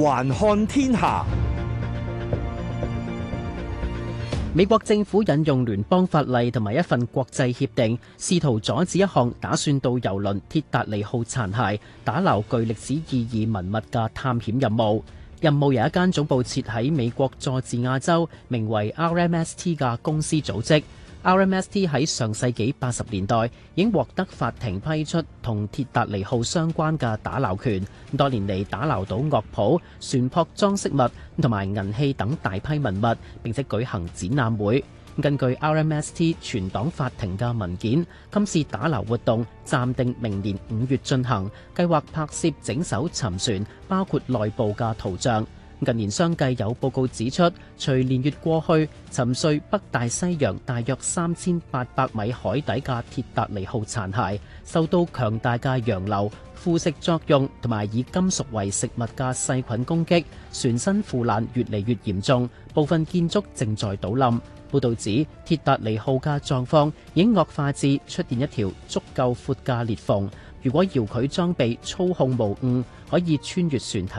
環看天下。美國政府引用聯邦法例同埋一份國際協定，試圖阻止一項打算到郵輪“鐵達尼號”殘骸打撈具歷史意義文物嘅探險任務。任務由一間總部設喺美國佐治亞州、名為 RMST 嘅公司組織。RMS T 喺上世紀八十年代已經獲得法庭批出同鐵達尼號相關嘅打撈權，多年嚟打撈到樂譜、船舶裝飾物同埋銀器等大批文物，並且舉行展覽會。根據 RMS T 全黨法庭嘅文件，今次打撈活動暫定明年五月進行，計劃拍攝整艘沉船，包括內部嘅圖像。近年相繼有報告指出，隨年月過去，沉睡北大西洋大約三千八百米海底嘅鐵達尼號殘骸，受到強大嘅洋流腐蝕作用同埋以，以金屬為食物嘅細菌攻擊，船身腐爛越嚟越嚴重，部分建築正在倒冧。報導指，鐵達尼號嘅狀況已經惡化至出現一條足夠闊嘅裂縫。如果遙控裝備操控無誤，可以穿越船體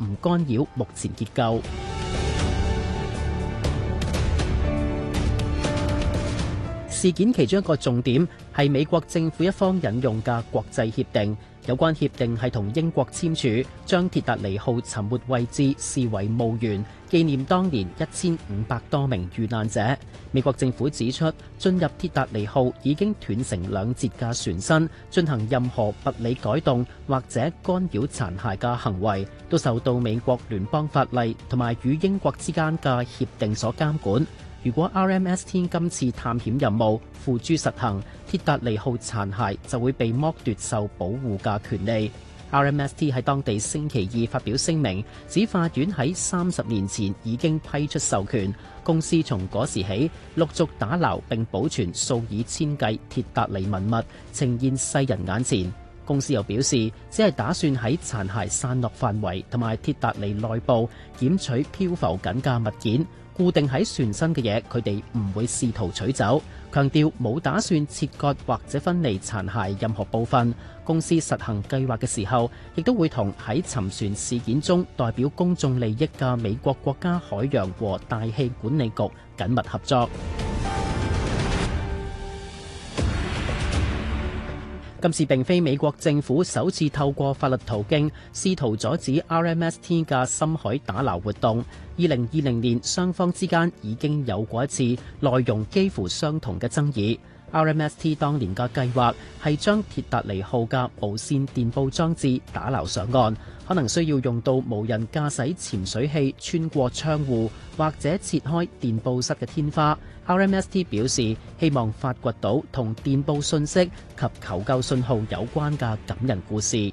而唔干擾目前結構。 事件其中一個重點係美國政府一方引用嘅國際協定。有關協定係同英國簽署，將鐵達尼號沉沒位置視為墓園，紀念當年一千五百多名遇難者。美國政府指出，進入鐵達尼號已經斷成兩截嘅船身，進行任何物理改動或者干擾殘骸嘅行為，都受到美國聯邦法例同埋與英國之間嘅協定所監管。如果 RMST 今次探險任務付諸實行，鐵達尼號殘骸就會被剝奪受保護嘅權利。RMST 喺當地星期二發表聲明，指法院喺三十年前已經批出授權，公司從嗰時起陸續打撈並保存數以千計鐵達尼文物，呈現世人眼前。公司又表示，只係打算喺殘骸散落範圍同埋鐵達尼內部檢取漂浮緊嘅物件，固定喺船身嘅嘢佢哋唔會試圖取走，強調冇打算切割或者分離殘骸任何部分。公司實行計劃嘅時候，亦都會同喺沉船事件中代表公眾利益嘅美國國家海洋和大氣管理局緊密合作。今次並非美國政府首次透過法律途徑試圖阻止 RMST 嘅深海打撈活動。二零二零年雙方之間已經有過一次內容幾乎相同嘅爭議。RMST 當年嘅計劃係將鐵達尼號嘅無線電報裝置打撈上岸，可能需要用到無人駕駛潛水器穿過窗戶，或者切開電報室嘅天花。RMST 表示希望發掘到同電報信息及求救信號有關嘅感人故事。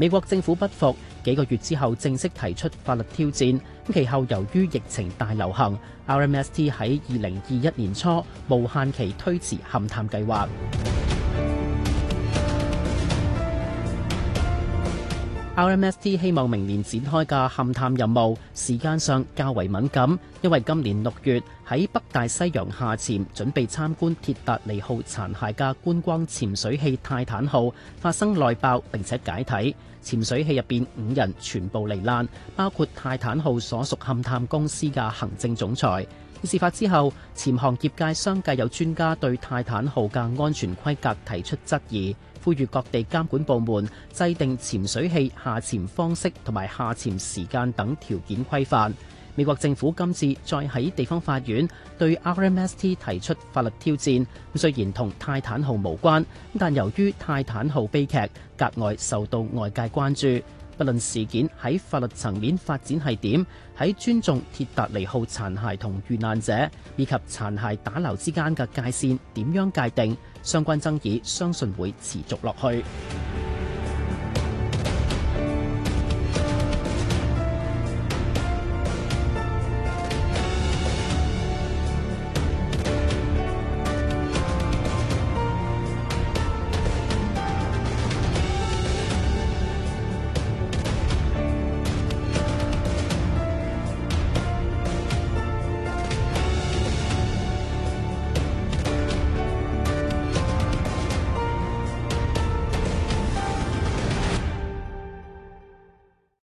美國政府不服，幾個月之後正式提出法律挑戰。其後由於疫情大流行，RMST 喺二零二一年初無限期推遲勘探計劃。RMST 希望明年展開嘅勘探任務，時間上較為敏感，因為今年六月，喺北大西洋下潛準備參觀鐵達尼號殘骸嘅觀光潛水器泰坦號發生內爆，並且解體，潛水器入邊五人全部罹難，包括泰坦號所屬勘探公司嘅行政總裁。事發之後，潛航業界、商界有專家對泰坦號嘅安全規格提出質疑，呼籲各地監管部門制定潛水器下潛方式同埋下潛時間等條件規範。美國政府今次再喺地方法院對 RMST 提出法律挑戰，雖然同泰坦號無關，但由於泰坦號悲劇格外受到外界關注，不論事件喺法律層面發展係點，喺尊重鐵達尼號殘骸同遇難者以及殘骸打撈之間嘅界線點樣界定，相關爭議相信會持續落去。